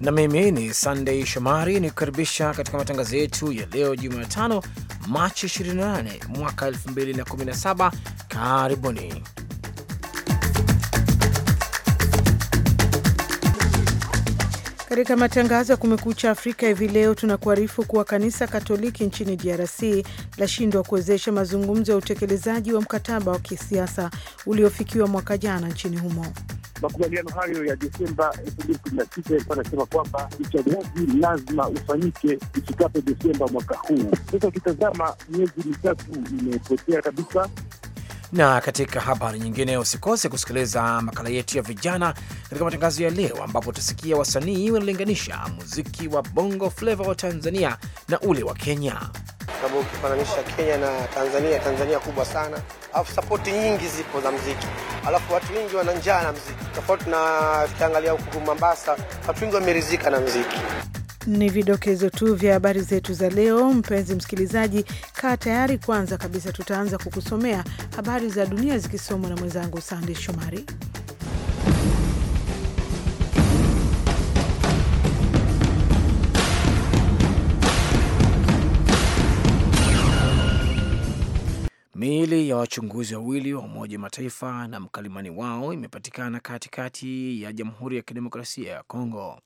na mimi ni Sunday Shomari ni kukaribisha katika matangazo yetu ya leo Jumatano, Machi 28 mwaka 2017. Karibuni katika matangazo ya Kumekucha Afrika. Hivi leo tunakuarifu kuwa kanisa Katoliki nchini DRC lashindwa kuwezesha mazungumzo ya utekelezaji wa mkataba wa kisiasa uliofikiwa mwaka jana nchini humo makubaliano hayo ya Desemba elfu mbili kumi na sita yalikuwa anasema kwamba uchaguzi lazima ufanyike ifikapo Desemba mwaka huu. Sasa ukitazama miezi mitatu imepotea kabisa. Na katika habari nyingine, usikose kusikiliza makala yetu ya vijana katika matangazo ya leo, ambapo utasikia wasanii wanalinganisha muziki wa bongo fleva wa Tanzania na ule wa Kenya sababu ukifananisha Kenya na Tanzania, Tanzania kubwa sana, alafu sapoti nyingi zipo za mziki, alafu watu wengi wana njaa na mziki, tofauti na tukiangalia huku Mombasa, watu wengi wameridhika na mziki. Ni vidokezo tu vya habari zetu za leo. Mpenzi msikilizaji, kaa tayari. Kwanza kabisa, tutaanza kukusomea habari za dunia zikisomwa na mwenzangu Sande Shomari. Miili ya wachunguzi wawili wa Umoja wa Mataifa na mkalimani wao imepatikana katikati ya Jamhuri ya Kidemokrasia ya Kongo.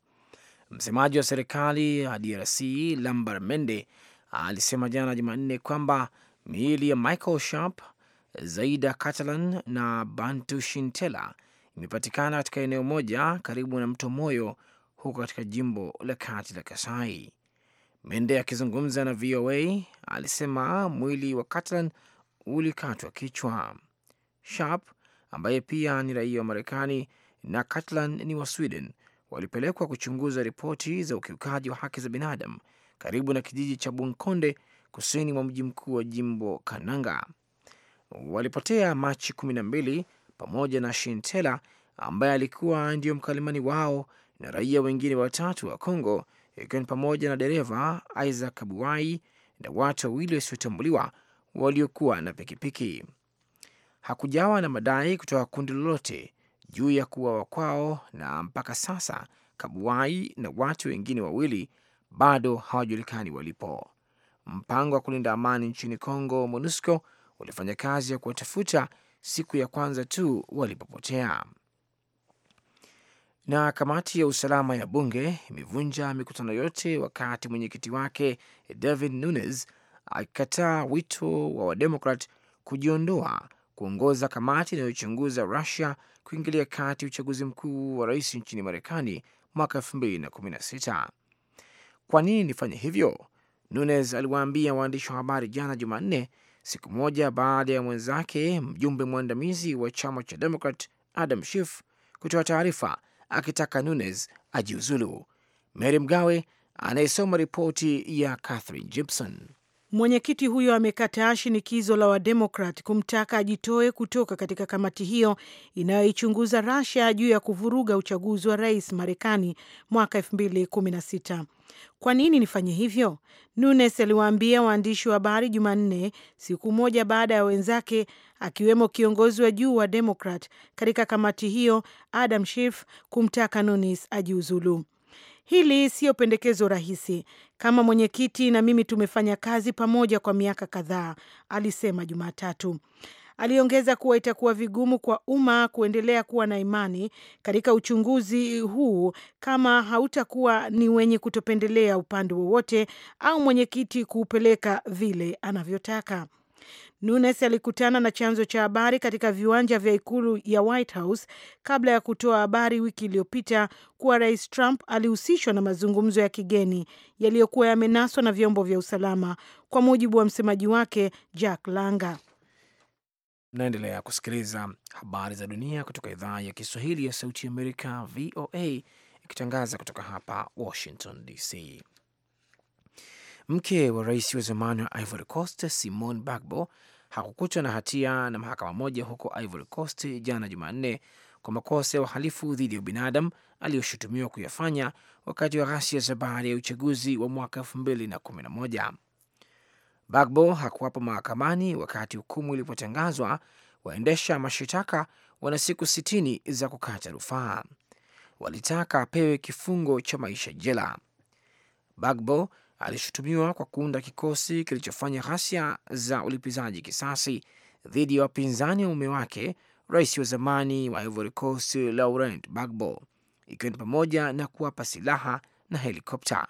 Msemaji wa serikali ya DRC Lambert Mende alisema jana Jumanne kwamba miili ya Michael Sharp, Zaida Catalan na Bantu Shintela imepatikana katika eneo moja karibu na mto Moyo huko katika jimbo la kati la Kasai. Mende akizungumza na VOA alisema mwili wa Catalan ulikatwa kichwa. Sharp ambaye pia ni raia wa Marekani na Katlan ni wa Sweden walipelekwa kuchunguza ripoti za ukiukaji wa haki za binadamu karibu na kijiji cha Bunkonde kusini mwa mji mkuu wa jimbo Kananga. Walipotea Machi kumi na mbili pamoja na Shintela ambaye alikuwa ndiyo mkalimani wao na raia wengine watatu wa congo ikiwa ni pamoja na dereva Isaac abuai na watu wawili wasiotambuliwa waliokuwa na pikipiki. Hakujawa na madai kutoka kundi lolote juu ya kuuawa kwao, na mpaka sasa Kabuai na watu wengine wawili bado hawajulikani walipo. Mpango wa kulinda amani nchini congo MONUSCO, ulifanya kazi ya kuwatafuta siku ya kwanza tu walipopotea. Na kamati ya usalama ya bunge imevunja mikutano yote wakati mwenyekiti wake David Nunes akikataa wito wa Wademokrat kujiondoa kuongoza kamati inayochunguza Rusia kuingilia kati uchaguzi mkuu wa rais nchini Marekani mwaka 216 Kwa nini nifanye hivyo? Nunes aliwaambia waandishi wa habari jana Jumanne, siku moja baada ya mwenzake mjumbe mwandamizi wa chama cha Demokrat Adam Schiff kutoa taarifa akitaka Nunes ajiuzulu. Mary Mgawe anayesoma ripoti ya Catherine Gibson. Mwenyekiti huyo amekataa shinikizo la Wademokrat kumtaka ajitoe kutoka katika kamati hiyo inayoichunguza rasia juu ya kuvuruga uchaguzi wa rais Marekani mwaka sita. Kwa nini nifanye hivyo? Nunes aliwaambia waandishi wa habari Jumanne, siku moja baada ya wenzake, akiwemo kiongozi wa juu wa Demokrat katika kamati hiyo Adam Schiff kumtaka Nunes ajiuzulu. Hili siyo pendekezo rahisi. Kama mwenyekiti na mimi tumefanya kazi pamoja kwa miaka kadhaa, alisema Jumatatu. Aliongeza kuwa itakuwa vigumu kwa umma kuendelea kuwa na imani katika uchunguzi huu kama hautakuwa ni wenye kutopendelea upande wowote au mwenyekiti kuupeleka vile anavyotaka. Nunes alikutana na chanzo cha habari katika viwanja vya ikulu ya White House kabla ya kutoa habari wiki iliyopita kuwa Rais Trump alihusishwa na mazungumzo ya kigeni yaliyokuwa yamenaswa na vyombo vya usalama, kwa mujibu wa msemaji wake Jack Langa. Mnaendelea kusikiliza habari za dunia kutoka idhaa ya Kiswahili ya Sauti ya Amerika, VOA, ikitangaza kutoka hapa Washington DC. Mke wa rais wa zamani wa Ivory Coast Simon Bagbo hakukutwa na hatia na mahakama moja huko Ivory Coast jana Jumanne kwa makosa ya uhalifu dhidi ya binadamu aliyoshutumiwa kuyafanya wakati wa ghasia za baada ya uchaguzi wa mwaka elfu mbili na kumi na moja. Bagbo hakuwapo mahakamani wakati hukumu ilipotangazwa. Waendesha mashitaka wana siku sitini za kukata rufaa. Walitaka apewe kifungo cha maisha jela. Bagbo alishutumiwa kwa kuunda kikosi kilichofanya ghasia za ulipizaji kisasi dhidi ya wapinzani wa mume wake, rais wa zamani wa Ivory Coast Laurent Gbagbo, ikiwa ni pamoja na kuwapa silaha na helikopta.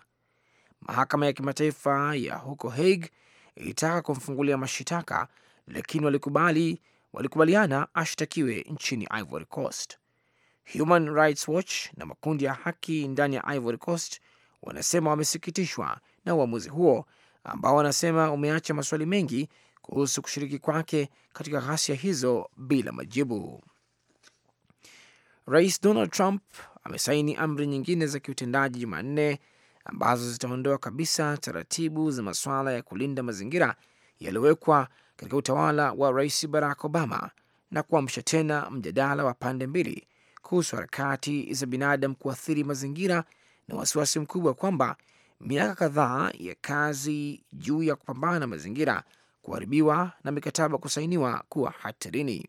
Mahakama ya kimataifa ya huko Hague ilitaka kumfungulia mashitaka, lakini walikubali walikubaliana ashtakiwe nchini Ivory Coast. Human Rights Watch na makundi ya haki ndani ya Ivory Coast wanasema wamesikitishwa na uamuzi huo ambao wanasema umeacha maswali mengi kuhusu kushiriki kwake katika ghasia hizo bila majibu. Rais Donald Trump amesaini amri nyingine za kiutendaji Jumanne ambazo zitaondoa kabisa taratibu za masuala ya kulinda mazingira yaliyowekwa katika utawala wa Rais Barack Obama na kuamsha tena mjadala wa pande mbili kuhusu harakati za binadamu kuathiri mazingira na wasiwasi mkubwa kwamba miaka kadhaa ya kazi juu ya kupambana na mazingira kuharibiwa na mikataba kusainiwa kuwa hatarini.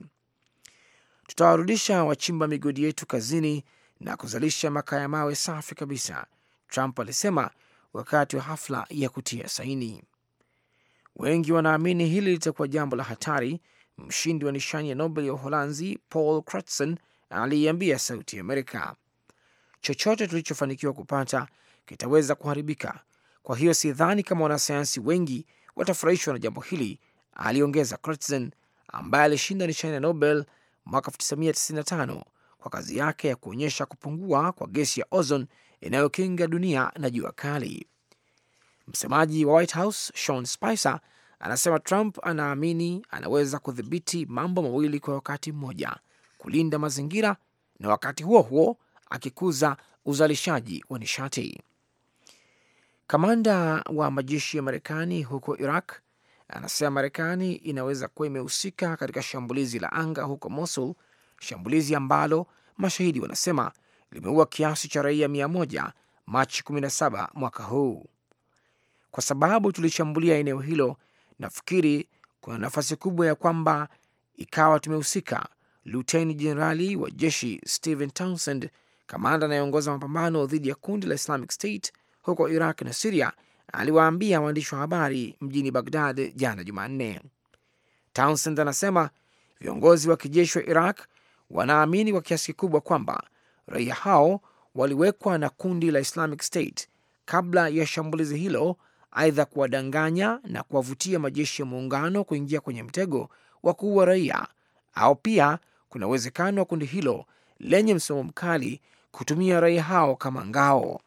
Tutawarudisha wachimba migodi yetu kazini na kuzalisha makaa ya mawe safi kabisa, Trump alisema wakati wa hafla ya kutia saini. Wengi wanaamini hili litakuwa jambo la hatari, mshindi wa nishani ya Nobel ya Uholanzi Paul Crutzen aliiambia Sauti ya Amerika. Chochote tulichofanikiwa kupata kitaweza kuharibika. Kwa hiyo sidhani kama wanasayansi wengi watafurahishwa na jambo hili, aliongeza Kurtzen, ambaye alishinda nishani ya Nobel mwaka 1995 kwa kazi yake ya kuonyesha kupungua kwa gesi ya ozon inayokinga dunia na jua kali. Msemaji wa White House Sean Spicer anasema Trump anaamini anaweza kudhibiti mambo mawili kwa wakati mmoja, kulinda mazingira na wakati huo huo akikuza uzalishaji wa nishati. Kamanda wa majeshi ya Marekani huko Iraq anasema Marekani inaweza kuwa imehusika katika shambulizi la anga huko Mosul, shambulizi ambalo mashahidi wanasema limeua kiasi cha raia mia moja Machi 17 mwaka huu. Kwa sababu tulishambulia eneo hilo, nafikiri kuna nafasi kubwa ya kwamba ikawa tumehusika, Luteni Jenerali wa jeshi Stephen Townsend, kamanda anayeongoza mapambano dhidi ya kundi la Islamic State huko Iraq na Siria, aliwaambia waandishi wa habari mjini Bagdad jana Jumanne. Townsend anasema viongozi wa kijeshi wa Iraq wanaamini kwa kiasi kikubwa kwamba raia hao waliwekwa na kundi la Islamic State kabla ya shambulizi hilo, aidha kuwadanganya na kuwavutia majeshi ya muungano kuingia kwenye mtego wa kuua raia, au pia kuna uwezekano wa kundi hilo lenye msimamo mkali kutumia raia hao kama ngao.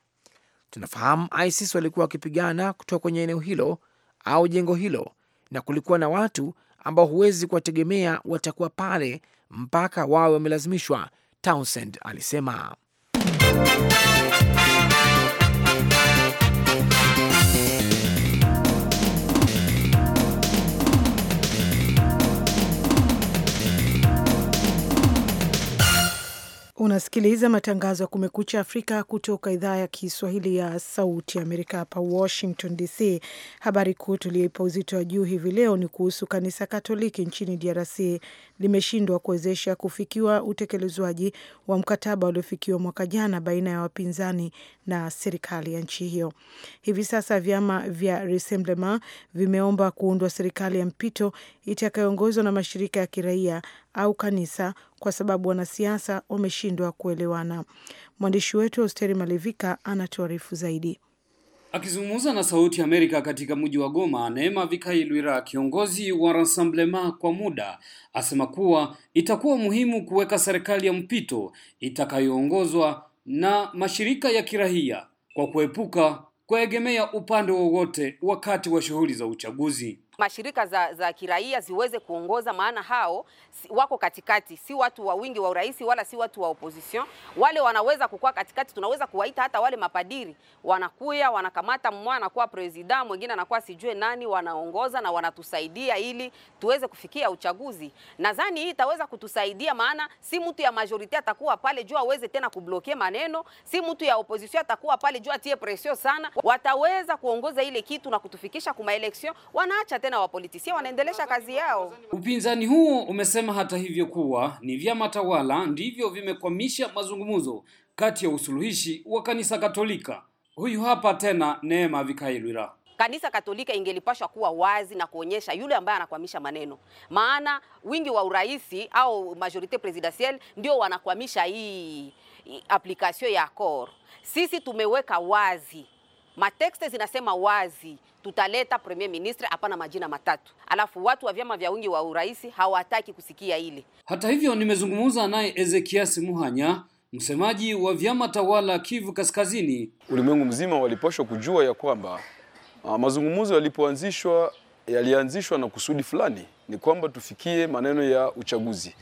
Tunafahamu ISIS walikuwa wakipigana kutoka kwenye eneo hilo au jengo hilo, na kulikuwa na watu ambao huwezi kuwategemea watakuwa pale mpaka wawe wamelazimishwa, Townsend alisema. Unasikiliza matangazo ya Kumekucha Afrika kutoka idhaa ya Kiswahili ya Sauti ya Amerika, hapa Washington DC. Habari kuu tuliyoipa uzito wa juu hivi leo ni kuhusu kanisa Katoliki nchini DRC limeshindwa kuwezesha kufikiwa utekelezwaji wa mkataba uliofikiwa mwaka jana baina ya wapinzani na serikali ya nchi hiyo. Hivi sasa vyama vya Rassemblement vimeomba kuundwa serikali ya mpito itakayoongozwa na mashirika ya kiraia au kanisa kwa sababu wanasiasa wameshindwa kuelewana. Mwandishi wetu Austeri Malivika anatuarifu zaidi. Akizungumza na Sauti ya Amerika katika mji wa Goma, Neema lwira kiongozi wa Rassemblement kwa muda, asema kuwa itakuwa muhimu kuweka serikali ya mpito itakayoongozwa na mashirika ya kirahia kwa kuepuka kuegemea upande wowote wakati wa shughuli za uchaguzi mashirika za, za kiraia ziweze kuongoza, maana hao wako katikati, si watu wa wingi wa urais wala si watu wa opposition. Wale wanaweza kukua katikati, tunaweza kuwaita hata wale mapadiri, wanakuya wanakamata, mmoja anakuwa president, mwingine anakuwa sijue nani, wanaongoza na wanatusaidia ili tuweze kufikia uchaguzi. Nadhani hii itaweza kutusaidia, maana si mtu ya majority atakuwa pale juu aweze tena kubloke maneno, si mtu ya opposition atakuwa pale juu atie pressure sana. Wataweza kuongoza ile kitu na kutufikisha kuma election, wanaacha tena na wapolitisia wanaendelesha kazi yao. Upinzani huo umesema hata hivyo kuwa ni vyama tawala ndivyo vimekwamisha mazungumzo kati ya usuluhishi wa kanisa Katolika. Huyu hapa tena Neema Vikailwira. Kanisa Katolika ingelipashwa kuwa wazi na kuonyesha yule ambaye anakwamisha maneno, maana wingi wa uraisi au majorite presidentielle ndio wanakwamisha hii application ya accord. Sisi tumeweka wazi Matekste zinasema wazi tutaleta premier ministre, hapana majina matatu. Alafu watu wa vyama vya wingi wa urais hawataki kusikia ile. Hata hivyo, nimezungumza naye Ezekias Muhanya, msemaji wa vyama tawala Kivu Kaskazini. Ulimwengu mzima walipashwa kujua ya kwamba ah, mazungumzo yalipoanzishwa yalianzishwa na kusudi fulani, ni kwamba tufikie maneno ya uchaguzi,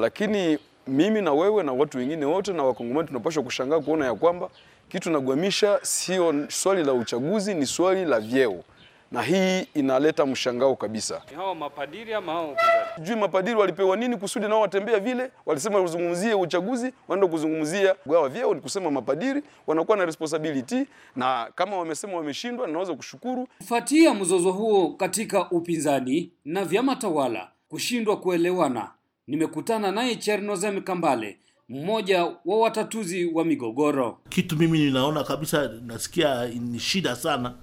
lakini mimi na wewe na watu wengine wote na wakongomani tunapashwa kushangaa kuona ya kwamba kitu nagwamisha sio swali la uchaguzi, ni swali la vyeo, na hii inaleta mshangao kabisa. Hao mapadiri ama hao jui mapadiri walipewa nini kusudi nao watembea vile? Walisema uzungumzie uchaguzi, waende kuzungumzia gawa vyeo. Ni kusema mapadiri wanakuwa na responsibility, na kama wamesema wameshindwa, naweza kushukuru. Kufuatia mzozo huo katika upinzani na vyama tawala kushindwa kuelewana, nimekutana naye Chernozem Kambale mmoja wa watatuzi wa migogoro. Kitu mimi ninaona kabisa, nasikia ni shida sana,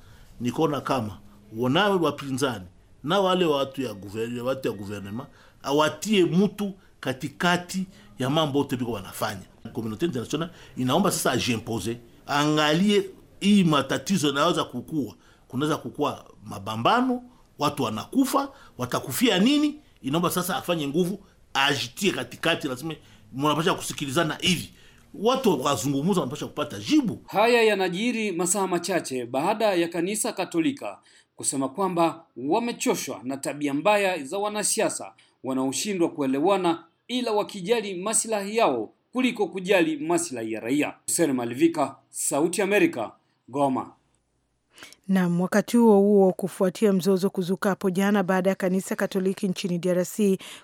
nikuona kama wanawe wapinzani na wale watu ya guvernema, watu ya guvernema awatie mtu katikati ya mambo yote biko wanafanya. Komunote international inaomba sasa ajimpose, angalie hii matatizo yanaweza kukua, kunaweza kukua mabambano, watu wanakufa, watakufia nini? Inaomba sasa afanye nguvu, ajitie katikati, lazima mnapasha kusikilizana hivi watu wakazungumza, wanapasha kupata jibu. Haya yanajiri masaa machache baada ya kanisa Katolika kusema kwamba wamechoshwa na tabia mbaya za wanasiasa wanaoshindwa kuelewana ila wakijali masilahi yao kuliko kujali masilahi ya raia. Hussein Malivika, Sauti Amerika, Goma. Nam. Wakati huo huo, kufuatia mzozo kuzuka hapo jana baada ya kanisa Katoliki nchini DRC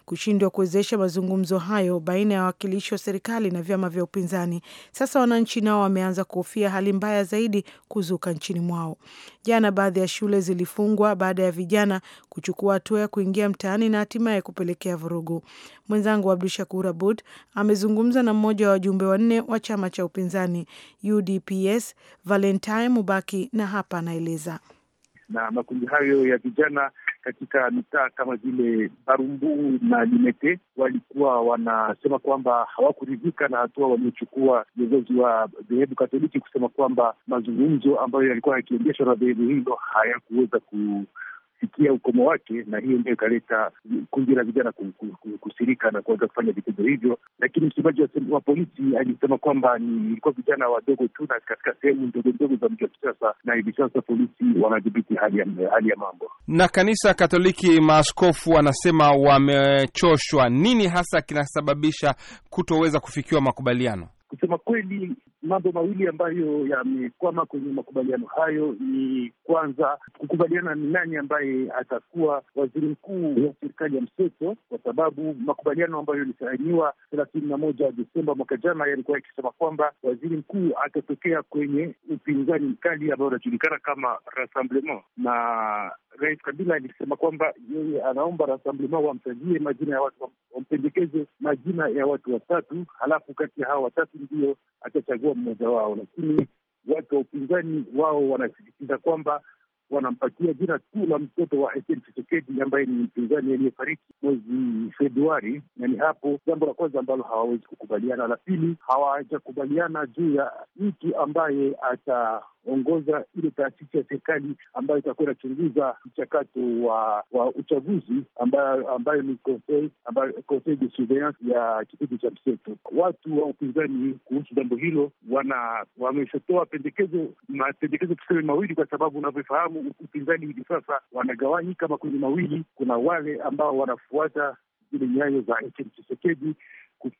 kushindwa kuwezesha mazungumzo hayo baina ya wawakilishi wa serikali na vyama vya upinzani, sasa wananchi nao wameanza kuhofia hali mbaya zaidi kuzuka nchini mwao. Jana baadhi ya shule zilifungwa baada ya vijana kuchukua hatua ya kuingia mtaani na hatimaye kupelekea vurugu. Mwenzangu Abdu Shakur Abud amezungumza na mmoja wa wajumbe wanne wa chama cha upinzani UDPS Valentine Mubaki, na hapa anaeleza. Uingereza. Na makundi hayo ya vijana katika mitaa kama vile Barumbuu na Limete walikuwa wanasema kwamba hawakuridhika na hatua waliochukua viongozi wa dhehebu Katoliki kusema kwamba mazungumzo ambayo yalikuwa yakiendeshwa na dhehebu hilo hayakuweza ku kufikia ukomo wake, na hiyo ndio ikaleta kundi la vijana kusirika na kuanza kufanya vitendo hivyo. Lakini msemaji wa polisi alisema kwamba ni ilikuwa vijana wadogo tu na katika sehemu ndogo ndogo za mji wa kisasa na hivi sasa polisi wanadhibiti hali ya, hali ya mambo. Na kanisa Katoliki, maaskofu wanasema wamechoshwa. Nini hasa kinasababisha kutoweza kufikiwa makubaliano? Kusema kweli mambo mawili ambayo yamekwama kwenye makubaliano hayo ni kwanza kukubaliana ni nani ambaye atakuwa waziri mkuu wa serikali ya mseto, kwa sababu makubaliano ambayo yalisainiwa thelathini na moja Desemba mwaka jana yalikuwa yakisema kwamba waziri mkuu atatokea kwenye upinzani mkali ambao unajulikana kama Rassemblement, na Rais Kabila alisema kwamba yeye anaomba Rassemblement wamsajie majina ya watu, wampendekeze majina ya watu watatu, halafu kati ya hawa watatu ndio atachagua kuwa mmoja wao, lakini watu wa upinzani wao wanasisitiza kwamba wanampatia jina tu la mtoto wa Etienne Tshisekedi ambaye ni mpinzani aliyefariki mwezi Februari, na ni hapo jambo la kwanza ambalo hawawezi kukubaliana. La pili, hawajakubaliana juu ya mtu ambaye ata ongoza ile taasisi ya serikali ambayo itakuwa inachunguza mchakato wa wa uchaguzi ambayo, ni conseil de surveillance ya kipindi cha mseto. Watu wa upinzani kuhusu jambo hilo wana wameshotoa pendekezo mapendekezo tuseme mawili, kwa sababu unavyofahamu upinzani hivi sasa wanagawanyika kama kwenye mawili. Kuna wale ambao wanafuata zile nyayo za Etienne Tshisekedi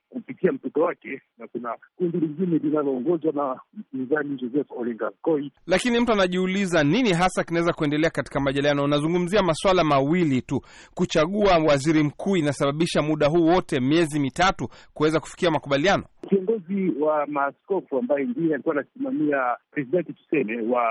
kupitia mtoto wake, na kuna kundi lingine linaloongozwa na mpinzani Joseph Olinga Koi. Lakini mtu anajiuliza nini hasa kinaweza kuendelea katika majadiliano? Unazungumzia maswala mawili tu, kuchagua waziri mkuu inasababisha muda huu wote, miezi mitatu, kuweza kufikia makubaliano. Kiongozi wa maaskofu ambaye ndiye alikuwa anasimamia presidenti tuseme wa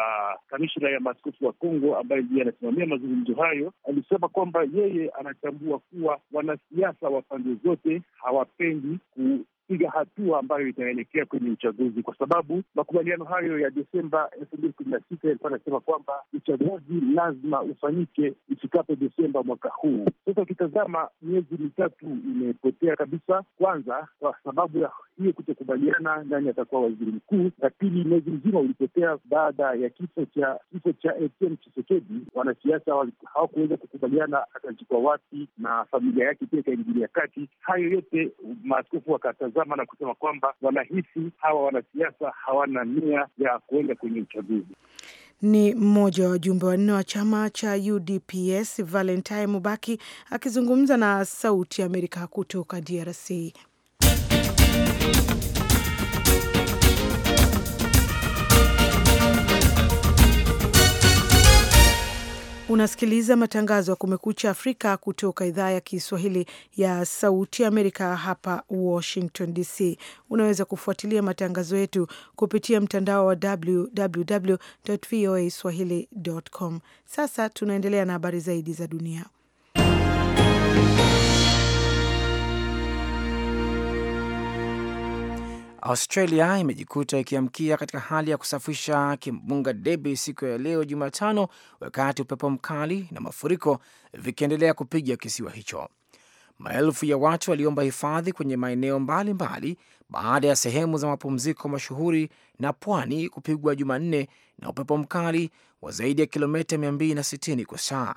kamishna ya maaskofu wa Kongo ambaye ndiye anasimamia mazungumzo hayo alisema kwamba yeye anatambua kuwa wanasiasa wa pande zote hawapendi wengi kupiga hatua ambayo itaelekea kwenye uchaguzi, kwa sababu makubaliano hayo ya Desemba elfu mbili kumi na sita yalikuwa anasema kwamba uchaguzi lazima ufanyike ifikapo Desemba mwaka huu. Sasa ukitazama miezi mitatu imepotea kabisa, kwanza kwa sababu ya hiyo kutokubaliana nani atakuwa waziri mkuu, na pili mwezi mzima ulipotea baada ya kifo cha kifo cha Etienne Tshisekedi. Wanasiasa hawakuweza kukubaliana atazikwa wapi, na familia yake pia ikaingilia kati. Hayo yote maaskofu wakataza kutazama na kusema kwamba wanahisi hawa wanasiasa hawana nia ya kuenda kwenye uchaguzi. Ni mmoja wa wajumbe wanne wa chama cha UDPS Valentine Mubaki akizungumza na Sauti ya Amerika kutoka DRC. Unasikiliza matangazo ya Kumekucha Afrika kutoka idhaa ya Kiswahili ya Sauti Amerika hapa Washington DC. Unaweza kufuatilia matangazo yetu kupitia mtandao wa www voa swahili.com. Sasa tunaendelea na habari zaidi za dunia. Australia imejikuta ikiamkia katika hali ya kusafisha kimbunga Debi siku ya leo Jumatano, wakati upepo mkali na mafuriko vikiendelea kupiga kisiwa hicho. Maelfu ya watu waliomba hifadhi kwenye maeneo mbalimbali baada ya sehemu za mapumziko mashuhuri na pwani kupigwa Jumanne na upepo mkali wa zaidi ya kilomita 260 kwa saa.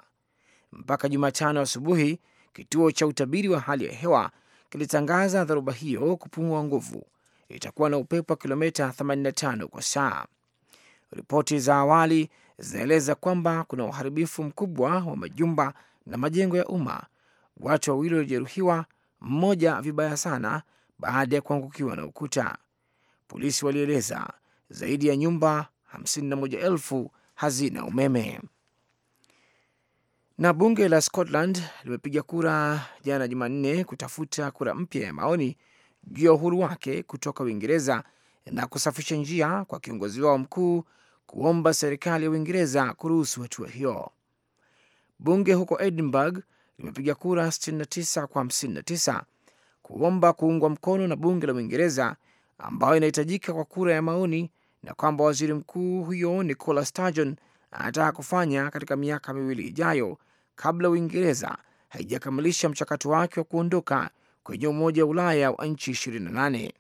Mpaka Jumatano asubuhi, kituo cha utabiri wa hali ya hewa kilitangaza dharuba hiyo kupungua nguvu itakuwa na upepo wa kilomita 85 kwa saa. Ripoti za awali zinaeleza kwamba kuna uharibifu mkubwa wa majumba na majengo ya umma. Watu wawili walijeruhiwa, mmoja vibaya sana, baada ya kuangukiwa na ukuta. Polisi walieleza zaidi ya nyumba 51,000 hazina umeme. Na bunge la Scotland limepiga kura jana Jumanne kutafuta kura mpya ya maoni juu ya uhuru wake kutoka Uingereza na kusafisha njia kwa kiongozi wao mkuu kuomba serikali ya Uingereza kuruhusu hatua hiyo. Bunge huko Edinburgh limepiga kura 69 kwa 59 kuomba kuungwa mkono na bunge la Uingereza ambayo inahitajika kwa kura ya maoni, na kwamba waziri mkuu huyo Nicola Sturgeon anataka kufanya katika miaka miwili ijayo kabla Uingereza haijakamilisha mchakato wake wa kuondoka kwenye Umoja wa Ulaya wa nchi 28.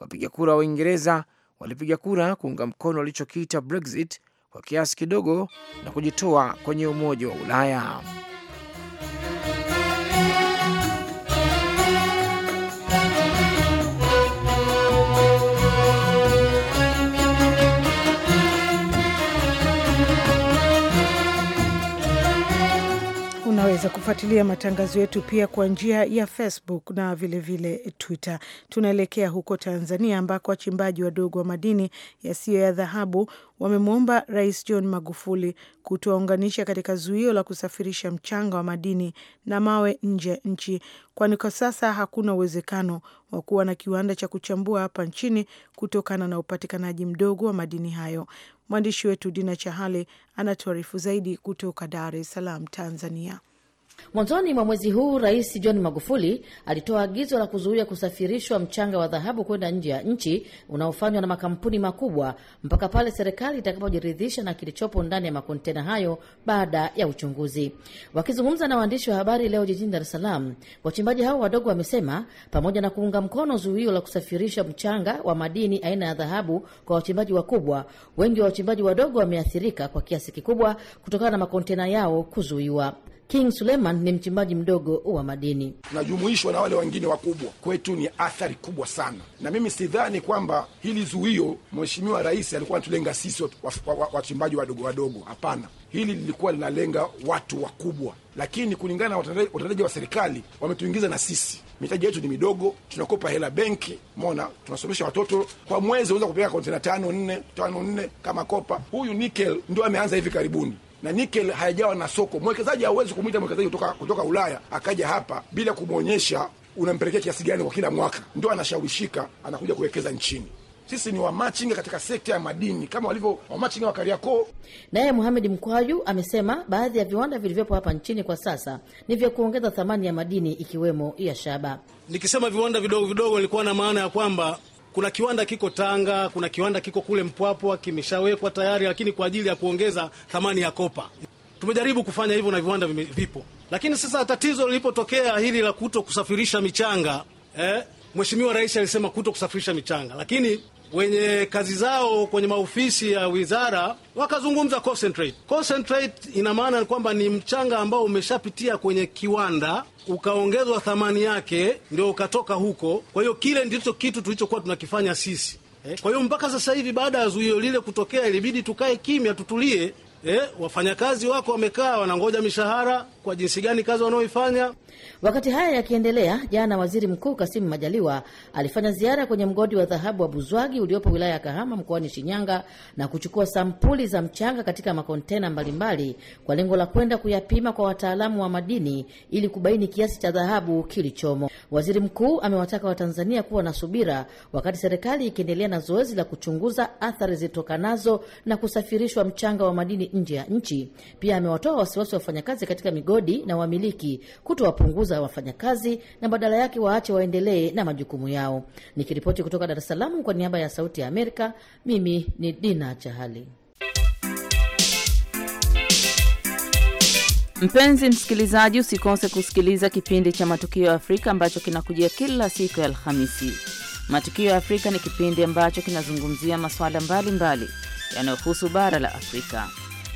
Wapiga kura wa Uingereza walipiga kura kuunga mkono walichokiita Brexit kwa kiasi kidogo na kujitoa kwenye Umoja wa Ulaya. Unaweza kufuatilia matangazo yetu pia kwa njia ya Facebook na vilevile vile Twitter. Tunaelekea huko Tanzania ambako wachimbaji wadogo wa madini yasiyo ya dhahabu wamemwomba Rais John Magufuli kutowaunganisha katika zuio la kusafirisha mchanga wa madini na mawe nje ya nchi, kwani kwa sasa hakuna uwezekano wa kuwa na kiwanda cha kuchambua hapa nchini kutokana na upatikanaji mdogo wa madini hayo. Mwandishi wetu Dina Chahali anatuarifu zaidi kutoka Dar es Salaam, Tanzania. Mwanzoni mwa mwezi huu Rais John Magufuli alitoa agizo la kuzuia kusafirishwa mchanga wa dhahabu kwenda nje ya nchi unaofanywa na makampuni makubwa mpaka pale serikali itakapojiridhisha na kilichopo ndani ya makontena hayo baada ya uchunguzi. Wakizungumza na waandishi wa habari leo jijini Dar es Salaam, wachimbaji hao wadogo wamesema pamoja na kuunga mkono zuio la kusafirisha mchanga wa madini aina ya dhahabu kwa wachimbaji wakubwa, wengi wa wachimbaji wadogo wameathirika kwa kiasi kikubwa kutokana na makontena yao kuzuiwa. King Suleiman ni mchimbaji mdogo wa madini. Tunajumuishwa na wale wengine wakubwa, kwetu ni athari kubwa sana, na mimi sidhani kwamba hili zuio Mheshimiwa Rais alikuwa anatulenga sisi wachimbaji wadogo wadogo, hapana. Hili lilikuwa linalenga watu wakubwa, lakini kulingana na watendaji wa serikali wametuingiza na sisi. Mitaji yetu ni midogo, tunakopa hela benki, mona tunasomesha watoto kwa mwezi, unaweza kupeleka kontena tano nne tano nne kama kopa. Huyu nikel ndo ameanza hivi karibuni, na nikel hayajawa na soko. Mwekezaji hawezi kumwita mwekezaji kutoka, kutoka Ulaya akaja hapa bila kumwonyesha unampelekea kiasi gani kwa kila mwaka, ndio anashawishika anakuja kuwekeza nchini. Sisi ni wamachinga katika sekta ya madini kama walivyo wamachinga wa Kariakoo. Naye Muhamedi Mkwaju amesema baadhi ya viwanda vilivyopo hapa nchini kwa sasa ni vya kuongeza thamani ya madini ikiwemo ya shaba. Nikisema viwanda vidogo vidogo, ilikuwa na maana ya kwamba kuna kiwanda kiko Tanga, kuna kiwanda kiko kule Mpwapwa kimeshawekwa tayari, lakini kwa ajili ya kuongeza thamani ya kopa. Tumejaribu kufanya hivyo na viwanda vipo, lakini sasa tatizo lilipotokea hili la kuto kusafirisha michanga eh, Mheshimiwa Rais alisema kuto kusafirisha michanga, lakini wenye kazi zao kwenye maofisi ya wizara wakazungumza concentrate. Concentrate ina maana kwamba ni mchanga ambao umeshapitia kwenye kiwanda ukaongezwa thamani yake ndio ukatoka huko. Kwa hiyo kile ndicho kitu tulichokuwa tunakifanya sisi. Eh, kwa hiyo mpaka sasa hivi baada ya zuio lile kutokea, ilibidi tukae kimya, tutulie. Eh, wafanyakazi wako wamekaa wanangoja mishahara kwa jinsi gani kazi wanaoifanya. Wakati haya yakiendelea, jana Waziri Mkuu Kasimu Majaliwa alifanya ziara kwenye mgodi wa dhahabu wa Buzwagi uliopo wilaya ya Kahama mkoani Shinyanga na kuchukua sampuli za mchanga katika makontena mbalimbali kwa lengo la kwenda kuyapima kwa wataalamu wa madini ili kubaini kiasi cha dhahabu kilichomo. Waziri Mkuu amewataka Watanzania kuwa na subira wakati serikali ikiendelea na zoezi la kuchunguza athari zilitokanazo na kusafirishwa mchanga wa madini nje ya nchi. Pia amewatoa wasiwasi wa wafanyakazi katika migodi migodi na wamiliki kutowapunguza wafanyakazi na badala yake waache waendelee na majukumu yao. Nikiripoti kutoka Dar es Salaam kwa niaba ya Sauti ya Amerika, mimi ni Dina Chahali. Mpenzi msikilizaji, usikose kusikiliza kipindi cha Matukio ya Afrika ambacho kinakujia kila siku ya Alhamisi. Matukio ya Afrika ni kipindi ambacho kinazungumzia masuala mbalimbali yanayohusu bara la Afrika.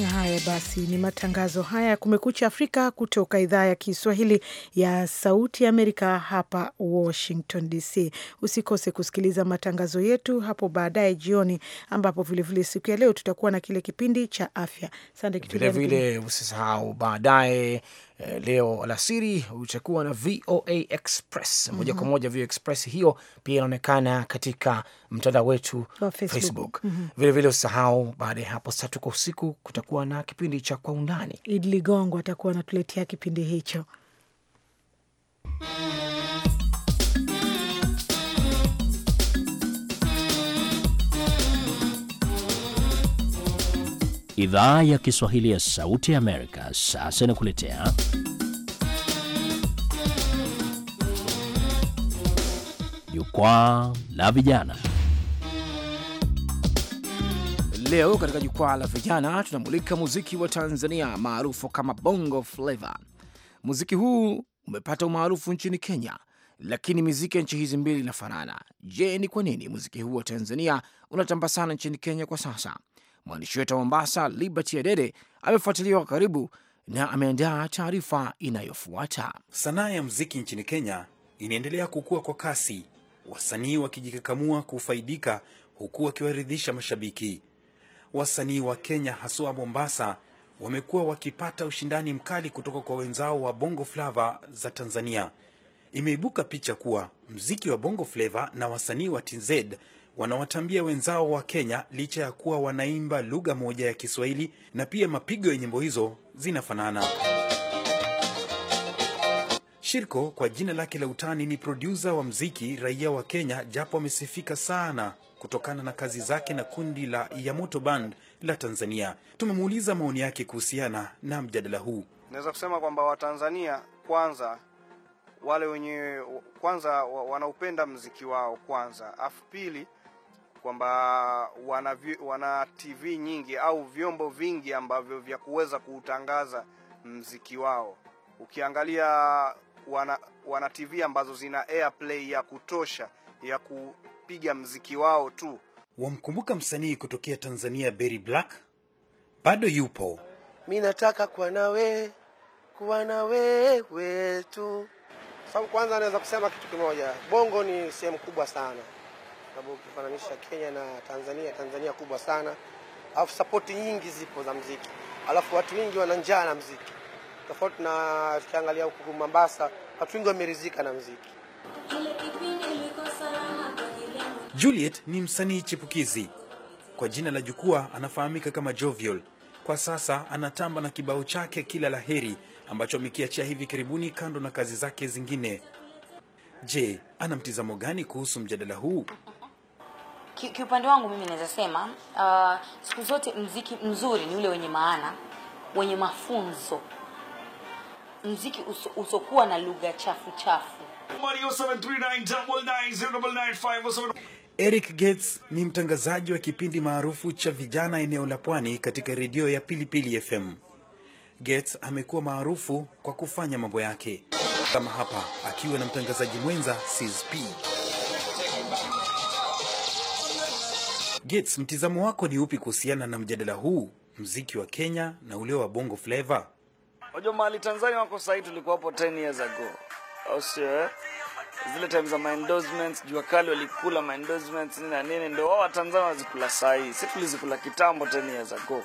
Haya basi, ni matangazo haya ya Kumekucha Afrika kutoka idhaa ya Kiswahili ya Sauti Amerika hapa Washington DC. Usikose kusikiliza matangazo yetu hapo baadaye jioni, ambapo vilevile siku ya leo tutakuwa na kile kipindi cha afya. Asante vilevile, usisahau baadaye Eh, leo alasiri utakuwa na VOA Express moja mm -hmm. kwa mhm. moja. VOA Express hiyo pia inaonekana katika mtandao wetu wa Facebook vilevile. mm -hmm. Vile usahau, baada ya hapo saa kwa usiku, kutakuwa na kipindi cha kwa undani. Idi Ligongo atakuwa anatuletea kipindi hicho Idhaa ya Kiswahili ya Sauti ya Amerika sasa inakuletea Jukwaa la Vijana. Leo katika Jukwaa la Vijana tunamulika muziki wa Tanzania maarufu kama Bongo Flava. Muziki huu umepata umaarufu nchini Kenya, lakini miziki ya nchi hizi mbili inafanana. Je, ni kwa nini muziki huu wa Tanzania unatamba sana nchini Kenya kwa sasa? Mwandishi wetu wa Mombasa, Liberty Adede, amefuatiliwa kwa karibu na ameandaa taarifa inayofuata. Sanaa ya mziki nchini Kenya inaendelea kukua kwa kasi, wasanii wakijikakamua kufaidika, huku wakiwaridhisha mashabiki. Wasanii wa Kenya haswa Mombasa wamekuwa wakipata ushindani mkali kutoka kwa wenzao wa Bongo Flava za Tanzania. Imeibuka picha kuwa mziki wa Bongo Flava na wasanii wa TZ wanawatambia wenzao wa Kenya licha ya kuwa wanaimba lugha moja ya Kiswahili na pia mapigo ya nyimbo hizo zinafanana. shirko kwa jina lake la utani ni produsa wa mziki raia wa Kenya, japo amesifika sana kutokana na kazi zake na kundi la Yamoto Band la Tanzania. Tumemuuliza maoni yake kuhusiana na mjadala huu. Naweza kusema kwamba Watanzania kwanza wale wenye kwanza wanaupenda mziki wao kwanza, afu pili kwamba wana, wana TV nyingi au vyombo vingi ambavyo vya kuweza kuutangaza mziki wao. Ukiangalia wana, wana TV ambazo zina airplay ya kutosha ya kupiga mziki wao tu. Wamkumbuka msanii kutokea Tanzania Berry Black? Bado yupo. Mi nataka kuwa nawe kuwa na wewe tu, sababu kwanza anaweza kusema kitu kimoja, bongo ni sehemu kubwa sana sababu ukifananisha Kenya na Tanzania, Tanzania kubwa sana, alafu sapoti nyingi zipo za mziki, alafu watu wengi wana njaa na mziki, tofauti na tukiangalia huku Mombasa, watu wengi wamerizika na mziki. Juliet ni msanii chipukizi kwa jina la jukwaa anafahamika kama Jovial. Kwa sasa anatamba na kibao chake kila laheri ambacho amekiachia hivi karibuni, kando na kazi zake zingine. Je, ana mtizamo gani kuhusu mjadala huu? kiupande ki wangu mimi naweza sema uh, siku zote mziki mzuri ni ule wenye maana wenye mafunzo mziki usokuwa na lugha chafu chafu oh Eric Gates ni mtangazaji wa kipindi maarufu cha vijana eneo la pwani katika redio ya Pilipili FM. Gates amekuwa maarufu kwa kufanya mambo yake kama hapa, akiwa na mtangazaji mwenza Sizp. Gates, mtizamo wako ni upi kuhusiana na mjadala huu, mziki wa Kenya na ule wa Bongo Flava? Wajua mahali Tanzania wako sasa hivi tulikuwa hapo 10 years ago. Au sio? Eh? Zile time za endorsements, jua kali walikula my endorsements na nini ndio wao Tanzania wazikula saa hii. Sisi tulizikula kitambo 10 years ago.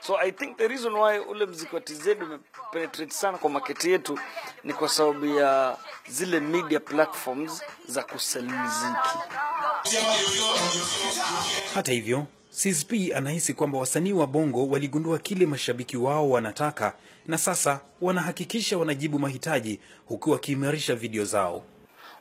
So I think the reason why ule mziki wa TZ umepenetrate sana kwa market yetu ni kwa sababu ya zile media platforms za kusell mziki. Hata hivyo, CSP anahisi kwamba wasanii wa Bongo waligundua kile mashabiki wao wanataka na sasa wanahakikisha wanajibu mahitaji huku wakiimarisha video zao.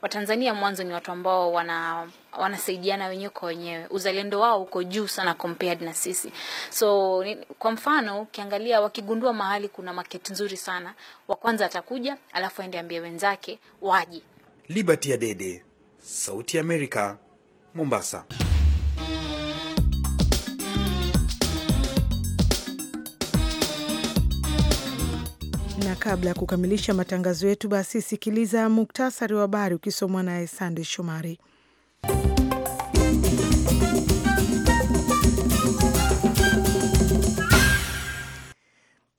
Watanzania mwanzo ni watu ambao wana wanasaidiana wenyewe kwa wenyewe, uzalendo wao uko juu sana compared na sisi. So ni, kwa mfano, ukiangalia wakigundua mahali kuna market nzuri sana, wa kwanza atakuja, alafu aende ambie wenzake waje. Liberty Adede, Sauti ya Amerika, Mombasa. Na kabla ya kukamilisha matangazo yetu, basi sikiliza muktasari wa habari ukisomwa naye sande Shomari.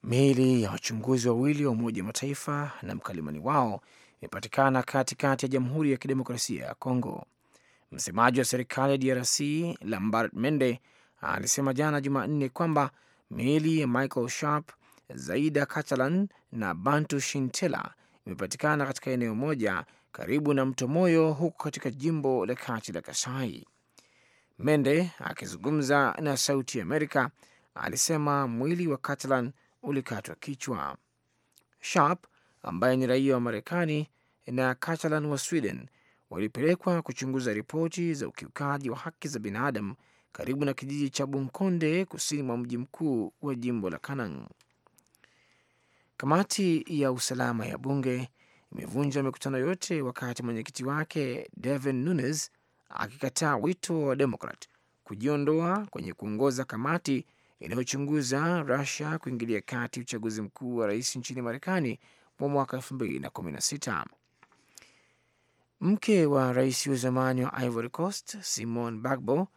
Miili ya wachunguzi wawili wa Umoja wa Mataifa na mkalimani wao imepatikana katikati ya Jamhuri ya Kidemokrasia ya Kongo. Msemaji wa serikali ya DRC Lambert Mende alisema jana Jumanne kwamba miili ya Michael Sharp, Zaida Catalan na Bantu Shintela imepatikana katika eneo moja karibu na mto Moyo huko katika jimbo la kati la Kasai. Mende akizungumza na Sauti Amerika alisema mwili wa Catalan ulikatwa kichwa. Sharp ambaye ni raia wa Marekani na Catalan wa Sweden walipelekwa kuchunguza ripoti za ukiukaji wa haki za binadamu karibu na kijiji cha Bunkonde kusini mwa mji mkuu wa jimbo la Kanang. Kamati ya usalama ya bunge imevunja mikutano yote wakati mwenyekiti wake Devin Nunes akikataa wito wa Demokrat kujiondoa kwenye kuongoza kamati inayochunguza Rusia kuingilia kati uchaguzi mkuu wa rais nchini Marekani mwa mwaka 216 Mke wa rais wa zamani wa Ivory Coast Simon Bagbo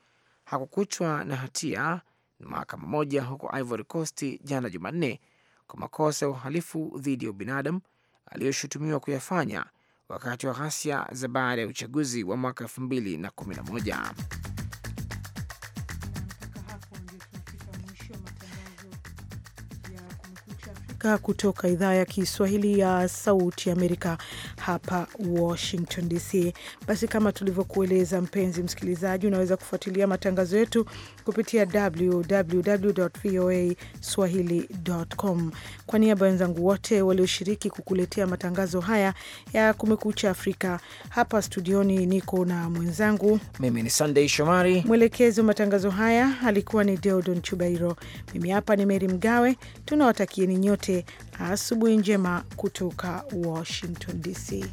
hakukutwa na hatia na mahakama moja huko Ivory Coast jana Jumanne kwa makosa ya uhalifu dhidi ya ubinadamu aliyoshutumiwa kuyafanya wakati wa ghasia za baada ya uchaguzi wa mwaka 2011. kutoka idhaa ya Kiswahili ya Sauti Amerika hapa Washington DC. Basi kama tulivyokueleza, mpenzi msikilizaji, unaweza kufuatilia matangazo yetu kupitia www.voaswahili.com. Kwa niaba ya wenzangu wote walioshiriki kukuletea matangazo haya ya Kumekucha Afrika, hapa studioni niko na mwenzangu, mimi ni sandey Shomari. Mwelekezi wa matangazo haya alikuwa ni Deodon Chubairo. Mimi hapa ni Meri Mgawe. Tunawatakieni nyote asubuhi njema kutoka Washington DC.